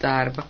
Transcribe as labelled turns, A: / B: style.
A: darba.